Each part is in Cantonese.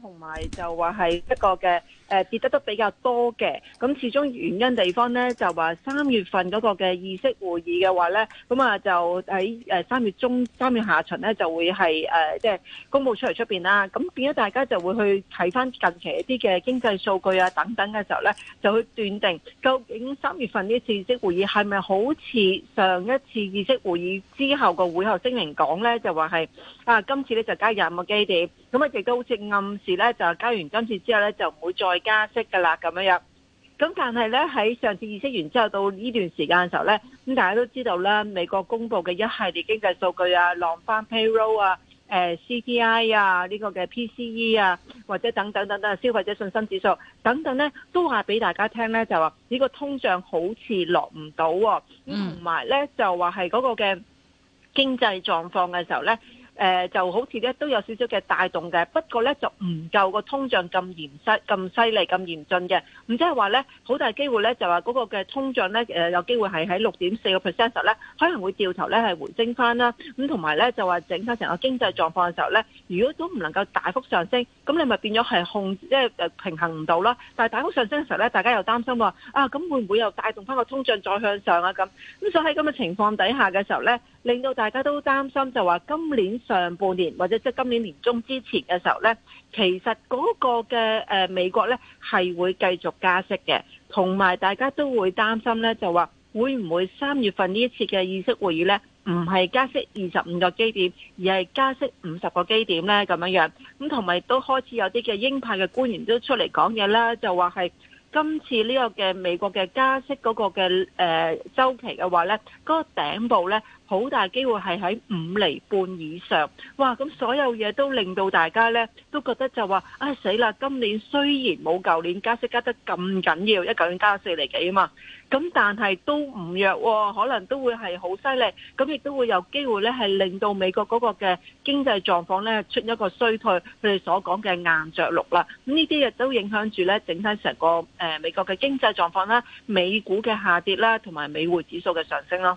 同埋就話係一個嘅誒跌得都比較多嘅，咁始終原因地方咧就話三月份嗰個嘅議息會議嘅話咧，咁啊就喺誒三月中、三月下旬咧就會係誒即係公布出嚟出面啦。咁變咗大家就會去睇翻近期一啲嘅經濟數據啊等等嘅時候咧，就去斷定究竟三月份呢次議息會議係咪好似上一次議息會議之後個會後聲明講咧，就話係啊今次咧就加入嘅基點。咁啊，亦都好似暗示咧，就加完今次之後咧，就唔會再加息㗎喇，咁樣樣。咁但係咧，喺上次議息完之後，到呢段時間嘅時候咧，咁大家都知道呢，美國公布嘅一系列經濟數據啊，浪翻 Payroll 啊，CPI 啊，呢、呃啊呢個嘅 PCE 啊，或者等等等等消費者信心指數等等咧，都話俾大家聽咧，就話呢個通脹好似落唔到，咁同埋咧就話係嗰個嘅經濟狀況嘅時候咧。誒、呃、就好似咧都有少少嘅帶動嘅，不過咧就唔夠個通脹咁嚴塞咁犀利咁嚴峻嘅，唔即係話咧好大機會咧就話嗰個嘅通脹咧、呃、有機會係喺六點四個 percentage 咧可能會掉頭咧係回升翻啦，咁同埋咧就話整體成個經濟狀況嘅時候咧，如果都唔能夠大幅上升，咁你咪變咗係控即係、誒、平衡唔到啦。但係大幅上升嘅時候咧，大家又擔心話啊，咁會唔會又帶動翻個通脹再向上啊咁？咁所以喺咁嘅情況底下嘅時候咧。令到大家都擔心，就話今年上半年或者即係今年年中之前嘅時候呢，其實嗰個嘅誒美國呢係會繼續加息嘅，同埋大家都會擔心呢，就話會唔會三月份呢一次嘅議息會議呢唔係加息二十五個基點，而係加息五十個基點呢？咁樣樣。咁同埋都開始有啲嘅鷹派嘅官員都出嚟講嘢啦，就話係今次呢個嘅美國嘅加息嗰個嘅誒週期嘅話呢，嗰個頂部呢。好大機會係喺五厘半以上，哇！咁所有嘢都令到大家呢都覺得就話啊死啦！今年雖然冇舊年加息加得咁緊要，一舊年加四厘幾啊嘛，咁但係都唔弱喎，哦，可能都會係好犀利，咁亦都會有機會呢，係令到美國嗰個嘅經濟狀況呢出一個衰退，佢哋所講嘅硬着陸啦。咁呢啲亦都影響住呢整體成個、呃、美國嘅經濟狀況啦、美股嘅下跌啦同埋美匯指數嘅上升咯。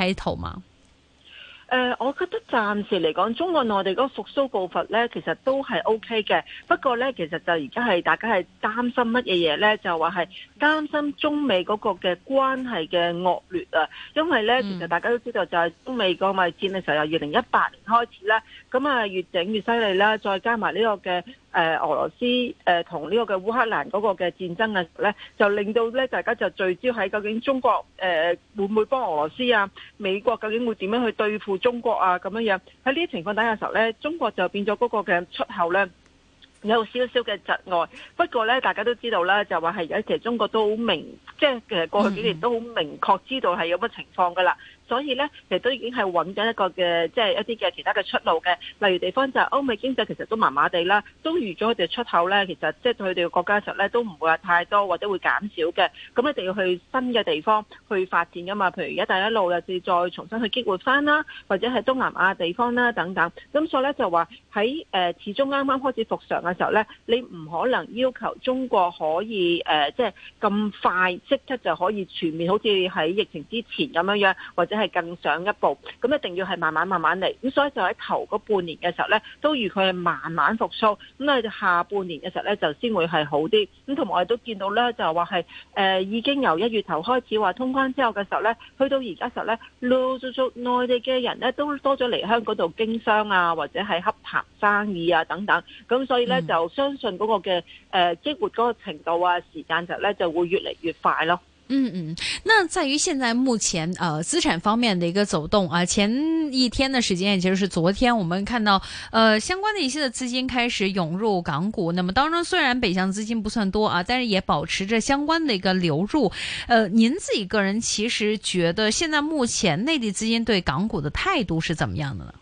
睇、呃、我覺得暫時嚟講，中國內地嗰個復甦步伐呢，其實都係 O K 嘅。不過呢，其實就而家係大家係擔心乜嘢嘢呢？就話係擔心中美嗰個嘅關係嘅惡劣啊。因為呢，其實大家都知道，就係中美貿易戰嘅時候，由二零一八年開始啦。咁啊，越整越犀利啦，再加埋呢個嘅。誒、呃，俄羅斯誒同呢個嘅烏克蘭嗰個嘅戰爭嘅時候咧，就令到咧大家就聚焦喺究竟中國誒、呃、會唔會幫俄羅斯啊？美國究竟會點樣去對付中國啊？咁樣樣喺呢啲情況底下嘅時候咧，中國就變咗嗰個嘅出口咧。有少少嘅窒外，不過咧，大家都知道啦，就話係而家其實中國都好明，即係誒過去幾年都好明確知道係有乜情況噶啦，所以咧其實都已經係揾緊一個嘅，即係一啲嘅其他嘅出路嘅。例如地方就係歐美經濟其實都麻麻地啦，都預咗佢哋出口咧，其實即係佢哋國家嘅時候咧，都唔會話太多或者會減少嘅。咁一定要去新嘅地方去發展噶嘛？譬如而家一帶一路又試再重新去激活翻啦，或者係東南亞地方啦等等。咁所以咧就話喺誒始終啱啱開始復常啊嘅時候咧，你唔可能要求中國可以誒，即係咁快即刻就可以全面好似喺疫情之前咁樣樣，或者係更上一步。咁一定要係慢慢慢慢嚟。咁所以就喺頭嗰半年嘅時候咧，都預佢係慢慢復甦。咁喺下半年嘅時候咧，就先會係好啲。咁同埋都見到咧，就話係誒已經由一月頭開始話通關之後嘅時候咧，去到而家時候咧，陸陸續續內地嘅人咧都多咗嚟香港度經商啊，或者係洽談生意啊等等。咁所以咧。就相信嗰個嘅，誒激活嗰個程度啊，時間就咧就會越嚟越快咯。嗯嗯，那在於現在目前呃資產方面的一個走動啊，前一天的時間，也就是昨天，我們看到呃相關的一些的資金開始湧入港股。那麼當中雖然北向資金不算多啊，但是也保持着相關的一個流入。呃，您自己個人其實覺得現在目前內地資金對港股的態度是怎麼樣的呢？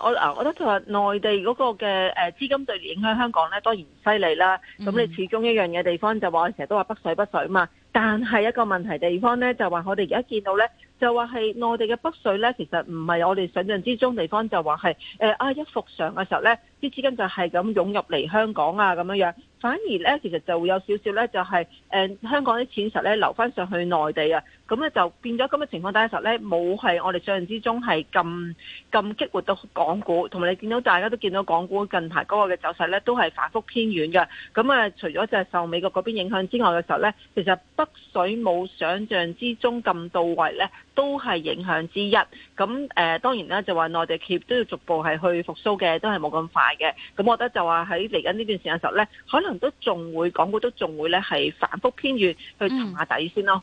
我啊、嗯，我覺得就話內地嗰個嘅誒資金對影響香港咧，當然唔犀利啦。咁你始終一樣嘅地方就話，我成日都話北水北水啊嘛。但係一個問題地方咧，就話我哋而家見到咧，就話係內地嘅北水咧，其實唔係我哋想像之中地方，就話係啊一復常嘅時候咧。啲資金就係咁湧入嚟香港啊，咁樣樣，反而咧其實就會有少少咧，就係誒香港啲錢實咧留翻上去內地啊，咁咧就變咗咁嘅情況底下實咧冇係我哋想象之中係咁咁激活到港股，同埋你見到大家都見到港股近排嗰個嘅走勢咧都係反覆偏軟嘅，咁啊除咗就係受美國嗰邊影響之外嘅時候咧，其實北水冇想象之中咁到位咧，都係影響之一。咁誒、呃、當然啦，就話內地企業都要逐步係去復甦嘅，都係冇咁快。嘅，咁我覺得就話喺嚟緊呢段時間嘅時候咧，可能都仲會港股都仲會咧係反覆偏軟去沉下底先咯。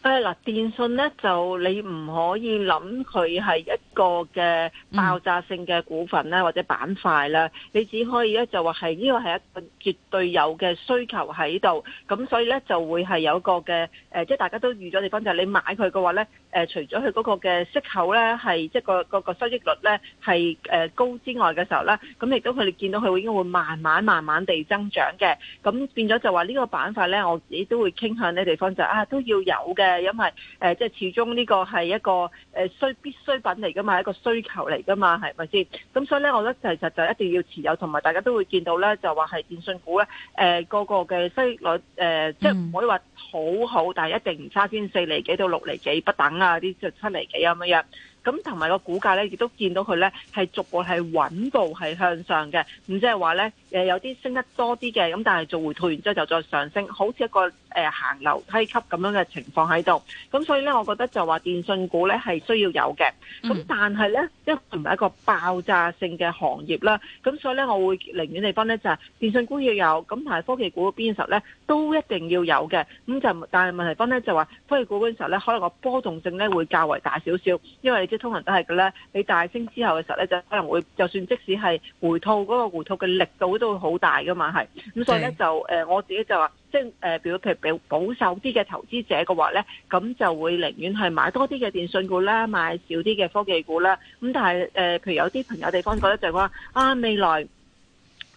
誒嗱，電信咧就你唔可以諗佢係一個嘅爆炸性嘅股份咧，或者板塊啦，你只可以咧就話係呢個係一個絕對有嘅需求喺度，咁所以咧就會係有個嘅誒、呃，即係大家都預咗地方就係你買佢嘅話咧，誒、呃、除咗佢嗰個嘅息口咧係即係個個、那個收益率咧係誒高之外嘅時候咧，咁亦都佢哋見到佢會應該會慢慢慢慢地增長嘅，咁變咗就話呢個板塊咧我自己都會傾向呢地方就是、啊都要有嘅。誒，因為誒、呃，即係始終呢個係一個誒需、呃、必需品嚟㗎嘛，一個需求嚟㗎嘛，係咪先？咁所以咧，我覺得其實就一定要持有，同埋大家都會見到咧，就話係電訊股咧，誒、呃、個個嘅收益率誒、呃，即係唔可以話好好，但係一定唔差，先四厘幾到六厘幾不等，啊，啲就七厘幾咁樣。咁同埋個股價咧，亦都見到佢咧係逐步係穩步係向上嘅，唔即係話咧有啲升得多啲嘅，咁但係做回退完之後就再上升，好似一個誒、呃、行樓梯級咁樣嘅情況喺度。咁所以咧，我覺得就話電信股咧係需要有嘅。咁但係咧，因為唔係一個爆炸性嘅行業啦，咁所以咧，我會寧願地分咧就係、是、電信股要有，咁同埋科技股嗰邊時候咧都一定要有嘅。咁就但係問題分咧就話科技股嗰陣時候咧，可能個波動性咧會較為大少少，因為即通常都係嘅咧，你大升之後嘅時候咧，就可能會就算即使係回吐嗰、那個回吐嘅力度都會好大嘅嘛，係。咁所以咧就誒我自己就話，即係誒，譬如譬如保守啲嘅投資者嘅話咧，咁就會寧願係買多啲嘅電信股啦，買少啲嘅科技股啦。咁但係誒，譬如有啲朋友地方覺得就話、是、啊，未來。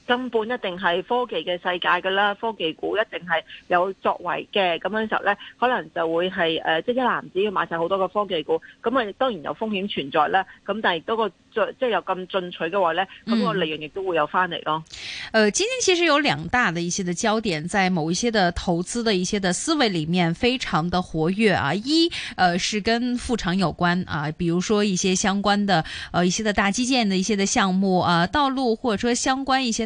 根本一定係科技嘅世界㗎啦，科技股一定係有作為嘅，咁樣時候咧，可能就會係誒，即、呃就是、一籃子要買晒好多個科技股，咁啊當然有風險存在啦，咁但係嗰個即係有咁進取嘅話咧，咁個利潤亦都會有翻嚟咯。誒、嗯呃，今天其實有兩大的一些嘅焦點，在某一些的投資的一些嘅思維裡面非常的活躍啊，一誒、呃、是跟副廠有關啊，譬如說一些相關的誒、呃、一些的大基建的一些的項目啊，道路或者說相關一些。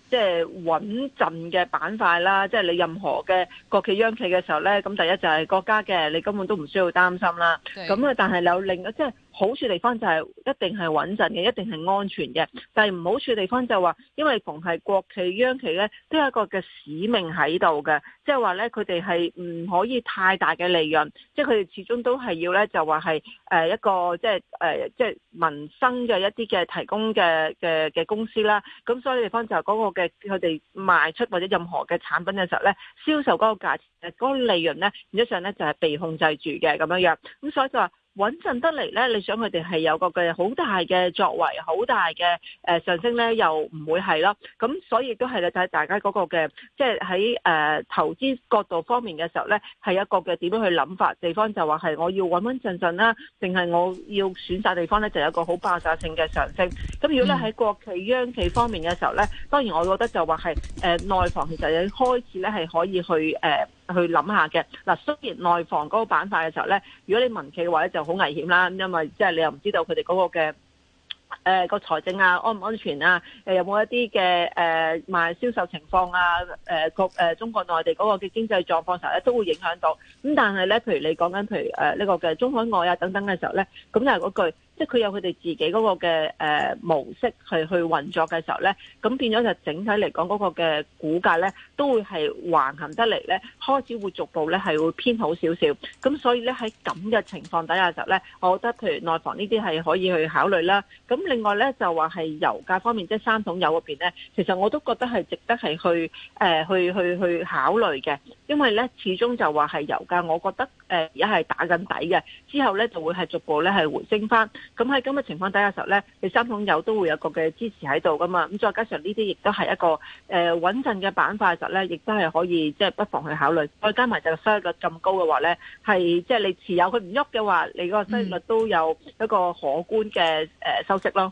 即係穩陣嘅板塊啦，即係你任何嘅國企央企嘅時候咧，咁第一就係國家嘅，你根本都唔需要擔心啦。咁啊對，但係有另一即係好處地方就係一定係穩陣嘅，一定係安全嘅。但係唔好處地方就係話，因為逢係國企央企咧，都有一個嘅使命喺度嘅，即係話咧，佢哋係唔可以太大嘅利潤，即係佢哋始終都係要咧，就話係誒一個即係誒即係民生嘅一啲嘅提供嘅嘅嘅公司啦。咁所以地方就係嗰個嘅佢哋賣出或者任何嘅產品嘅時候咧，銷售嗰個價誒，嗰個利潤咧，本質上咧就係被控制住嘅咁樣樣，咁所以就話。穩陣得嚟咧，你想佢哋係有個嘅好大嘅作為，好大嘅誒上升咧，又唔會係囉。咁所以都係咧睇大家嗰個嘅，即係喺誒投資角度方面嘅時候咧，係一個嘅點樣去諗法地方就話係我要穩穩陣陣啦，定係我要選擇地方咧，就有一個好爆炸性嘅上升。咁如果咧喺國企央企方面嘅時候咧，當然我覺得就話係誒內房其實已經開始咧係可以去誒。呃去諗下嘅嗱，雖然內房嗰個板塊嘅時候咧，如果你民企嘅話咧就好危險啦，因為即係你又唔知道佢哋嗰個嘅誒、呃那個財政啊，安唔安全啊，誒、呃、有冇一啲嘅誒賣銷售情況啊，誒國誒中國內地嗰個嘅經濟狀況時候咧都會影響到。咁但係咧，譬如你講緊譬如誒呢個嘅中海外啊等等嘅時候咧，咁又係嗰句。即係佢有佢哋自己嗰個嘅誒模式去去運作嘅時候咧，咁變咗就整體嚟講嗰個嘅股價咧都會係橫行得嚟咧，開始會逐步咧係會偏好少少，咁所以咧喺咁嘅情況底下嘅時候咧，我覺得譬如內房呢啲係可以去考慮啦。咁另外咧就話係油價方面，即係三桶油嗰邊咧，其實我都覺得係值得係去誒、呃、去去去考慮嘅，因為咧始終就話係油價，我覺得。誒而家係打緊底嘅，之後咧就會係逐步咧係回升返。咁喺咁嘅情況底下時候咧，你三桶油都會有個嘅支持喺度㗎嘛。咁再加上呢啲亦都係一個誒、呃、穩陣嘅板塊嘅時候咧，亦都係可以即係、就是、不妨去考慮。再加埋就收益率咁高嘅話咧，係即係你持有佢唔喐嘅話，你個收益率都有一個可觀嘅、呃、收息咯。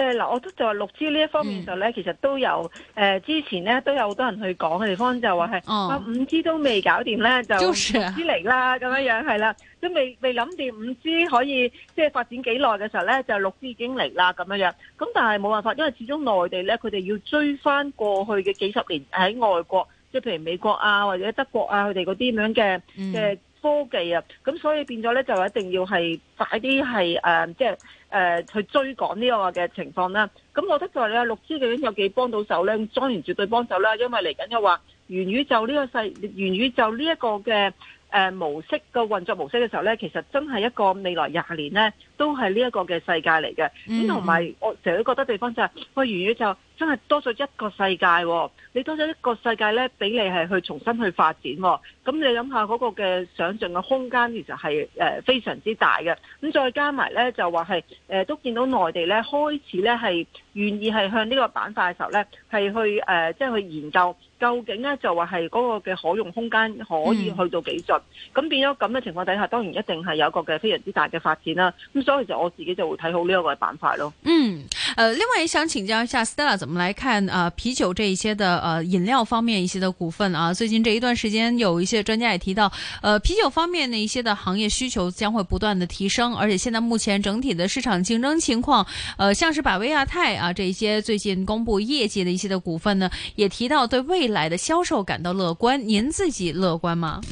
誒嗱、呃，我都就話六 G 呢一方面嘅咧，嗯、其實都有誒、呃、之前咧都有好多人去講嘅地方，就話係啊五 G 都未搞掂咧，就六 G 嚟啦咁樣樣係啦，都未未諗掂五 G 可以即係發展幾耐嘅時候咧，就六、是、G 已經嚟啦咁樣樣。咁但係冇辦法，因為始終內地咧，佢哋要追翻過去嘅幾十年喺外國，即係譬如美國啊或者德國啊佢哋嗰啲咁樣嘅嘅。嗯科技啊，咁所以變咗咧就一定要係快啲係誒，即係誒、呃、去追趕呢個嘅情況啦。咁我覺得就係、你、咧，六 C 究竟有幾幫到手咧？莊園絕對幫手啦，因為嚟緊又話元宇宙呢個世元宇宙呢一個嘅。誒、呃、模式，個運作模式嘅時候咧，其實真係一個未來廿年咧都係呢一個嘅世界嚟嘅。咁同埋我成日都覺得地方就係、是，喂，而家就真係多咗一個世界、哦。你多咗一個世界咧，俾你係去重新去發展、哦。咁你諗下嗰個嘅想象嘅空間其實係、呃、非常之大嘅。咁再加埋咧就話係、呃、都見到內地咧開始咧係願意係向呢個板塊嘅時候咧係去誒即係去研究究竟咧就話係嗰個嘅可用空間可以去到幾盡。嗯咁變咗咁嘅情況底下，當然一定係有一個嘅非常之大嘅發展啦。咁所以就我自己就會睇好呢一個板塊咯。嗯、呃，另外位想請教一下 Stella，怎麼來看啊、呃、啤酒這一些的呃飲料方面一些的股份啊？最近這一段時間，有一些專家也提到，呃啤酒方面的一些的行業需求將會不斷的提升，而且現在目前整體的市場競爭情況，呃像是百威亞太啊，這一些最近公布業績的一些的股份呢，也提到對未來的銷售感到樂觀。您自己樂觀嗎？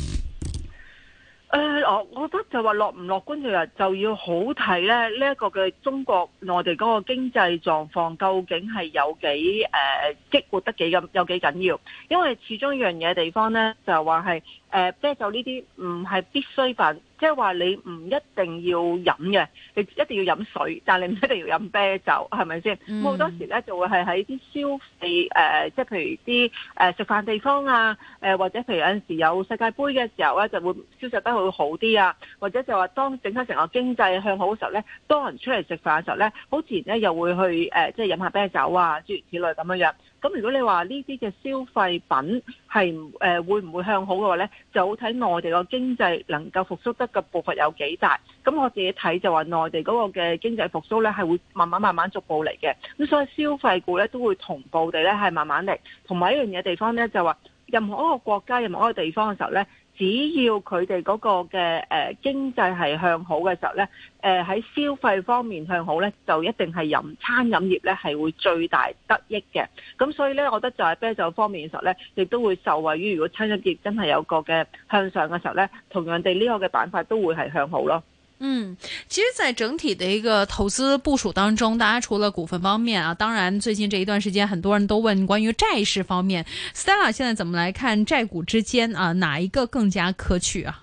誒，我、呃、我覺得就話樂唔樂觀嘅人就要好睇咧，呢、這、一個嘅中國內地嗰個經濟狀況究竟係有幾誒、呃、激活得幾咁有幾緊要？因為始終一樣嘢嘅地方咧，就話係誒，即係就呢啲唔係必需品。即係話你唔一定要飲嘅，你一定要飲水，但係你唔一定要飲啤酒，係咪先？好、mm. 多時咧就會係喺啲消費誒，即、呃、係譬如啲誒食飯地方啊，誒、呃、或者譬如有陣時有世界杯嘅時候咧，就會消費得會好啲啊，或者就話當整體成個經濟向好嘅時候咧，多人出嚟食飯嘅時候咧，好自然咧又會去誒即係飲下啤酒啊，諸如此類咁樣樣。咁如果你話呢啲嘅消費品係誒會唔會向好嘅話呢，就好睇內地個經濟能夠復甦得嘅步伐有幾大。咁我自己睇就話，內地嗰個嘅經濟復甦呢係會慢慢慢慢逐步嚟嘅。咁所以消費股呢都會同步地呢係慢慢嚟。同埋一樣嘢地方呢，就話任何一個國家、任何一個地方嘅時候呢。只要佢哋嗰個嘅誒經濟係向好嘅時候呢，誒喺消費方面向好呢，就一定係飲餐飲業呢係會最大得益嘅。咁所以呢，我覺得就係啤酒方面嘅時候呢，亦都會受惠於如果餐飲業真係有個嘅向上嘅時候呢，同樣地呢個嘅板塊都會係向好咯。嗯，其實，在整體的一個投資部署當中，大家除了股份方面啊，當然最近這一段時間，很多人都問關於債市方面 ，Stella 現在怎麼來看債股之間啊，哪一個更加可取啊？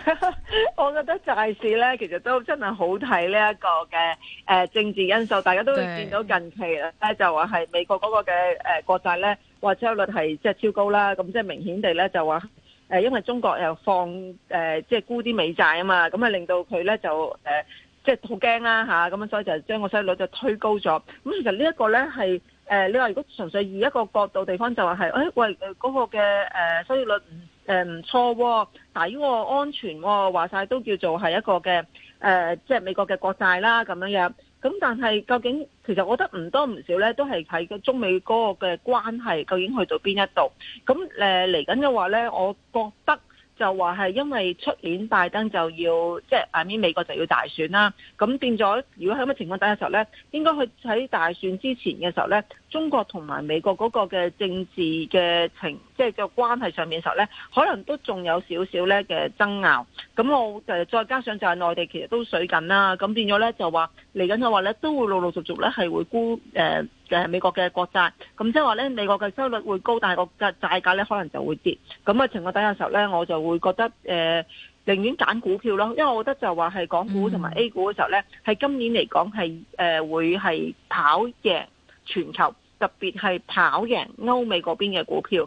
我覺得債市呢，其實都真係好睇呢一個嘅誒政治因素，大家都會見到近期咧就話係美國嗰個嘅誒國債咧，或收益率係即係超高啦，咁即係明顯地呢，就話。誒，因為中國又放誒，即、呃、係、就是、沽啲美債啊嘛，咁啊令到佢咧就誒，即係好驚啦吓，咁、就、樣、是啊、所以就將個收益率就推高咗。咁其實呢一個咧係誒，你話如果純粹以一個角度地方就話、是、係，誒、哎、喂，嗰、那個嘅誒、呃、收益率唔誒唔錯喎，呢、呃、喎，哦、但安全喎、哦，話晒都叫做係一個嘅誒，即、呃、係、就是、美國嘅國債啦咁樣樣。咁但係究竟其實我覺得唔多唔少咧，都係睇個中美嗰個嘅關係究竟去到邊一度。咁嚟緊嘅話咧，我覺得就話係因為出年拜登就要即係後面美國就要大選啦。咁變咗，如果喺咁嘅情況底下嘅時候咧，應該去喺大選之前嘅時候咧。中國同埋美國嗰個嘅政治嘅情，即係個關係上面嘅時候咧，可能都仲有少少咧嘅爭拗。咁我誒再加上就係內地其實都水緊啦，咁變咗咧就話嚟緊嘅話咧都會陸陸續續咧係會沽誒誒美國嘅國債。咁即係話咧美國嘅收率會高，但係個債債價咧可能就會跌。咁嘅情況底下嘅時候咧，我就會覺得誒、呃，寧願揀股票咯，因為我覺得就話係港股同埋 A 股嘅時候咧，喺、嗯、今年嚟講係誒、呃、會係跑贏全球。特別係跑贏歐美嗰邊嘅股票。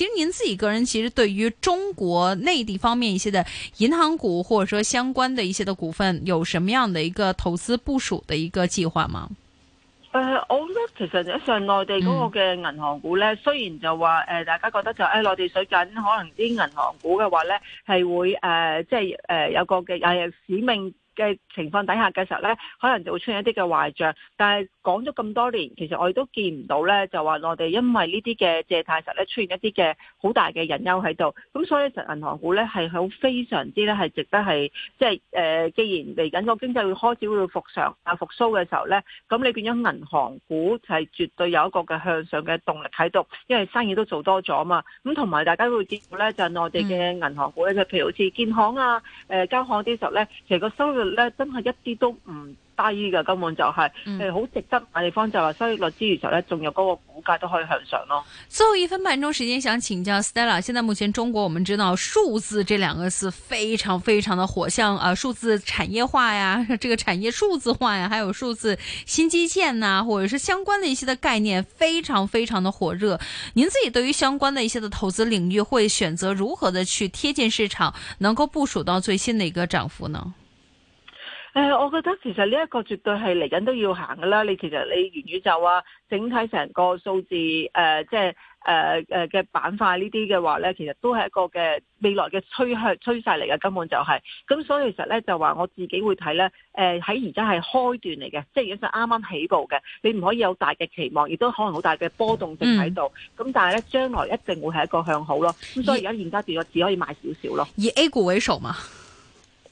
其實您自己個人其實對於中國內地方面一些的銀行股，或者說相關的一些的股份，有什麼樣的一個投資部署的一個計劃嗎？誒、呃，我覺得其實一上內地嗰個嘅銀行股咧，嗯、雖然就話誒、呃，大家覺得就誒、哎、內地水緊，可能啲銀行股嘅話咧係會誒，即係誒有個嘅誒、呃、使命嘅情況底下嘅時候咧，可能就會出現一啲嘅壞賬，但係。講咗咁多年，其實我哋都見唔到咧，就話內地因為呢啲嘅借貸實咧出現一啲嘅好大嘅隱憂喺度，咁所以就銀行股咧係好非常之咧係值得係即係誒，既然嚟緊個經濟會開始會復常啊復蘇嘅時候咧，咁你變咗銀行股係絕對有一個嘅向上嘅動力喺度，因為生意都做多咗嘛，咁同埋大家都會見到咧就係內地嘅銀行股咧，就譬如好似建行啊、誒、呃、交行啲時候咧，其實個收入咧真係一啲都唔。差嘅，根本就係、是，好值得。某方就話收益率之餘就咧，仲有嗰個股價都可以向上咯。最後一分半鐘時間，想請教 Stella，現在目前中國我們知道數字這兩個字非常非常的火，像啊數字產業化呀，這個產業數字化呀，還有數字新基建呐，啊，或者是相關的一些的概念，非常非常的火熱。您自己對於相關的一些的投資領域，會選擇如何的去貼近市場，能夠部署到最新的一個漲幅呢？誒、呃，我覺得其實呢一個絕對係嚟緊都要行㗎啦。你其實你元宇宙啊，整體成個數字誒、呃，即係誒誒嘅板塊呢啲嘅話咧，其實都係一個嘅未來嘅趨向趨勢嚟嘅，根本就係、是。咁所以其實咧就話我自己會睇咧，誒喺而家係開段嚟嘅，即係已經就啱啱起步嘅。你唔可以有大嘅期望，亦都可能好大嘅波動性喺度。咁、嗯、但係咧將來一定會係一個向好咯。咁以所以而家現價跌咗，只可以買少少咯。以 A 股為數嘛？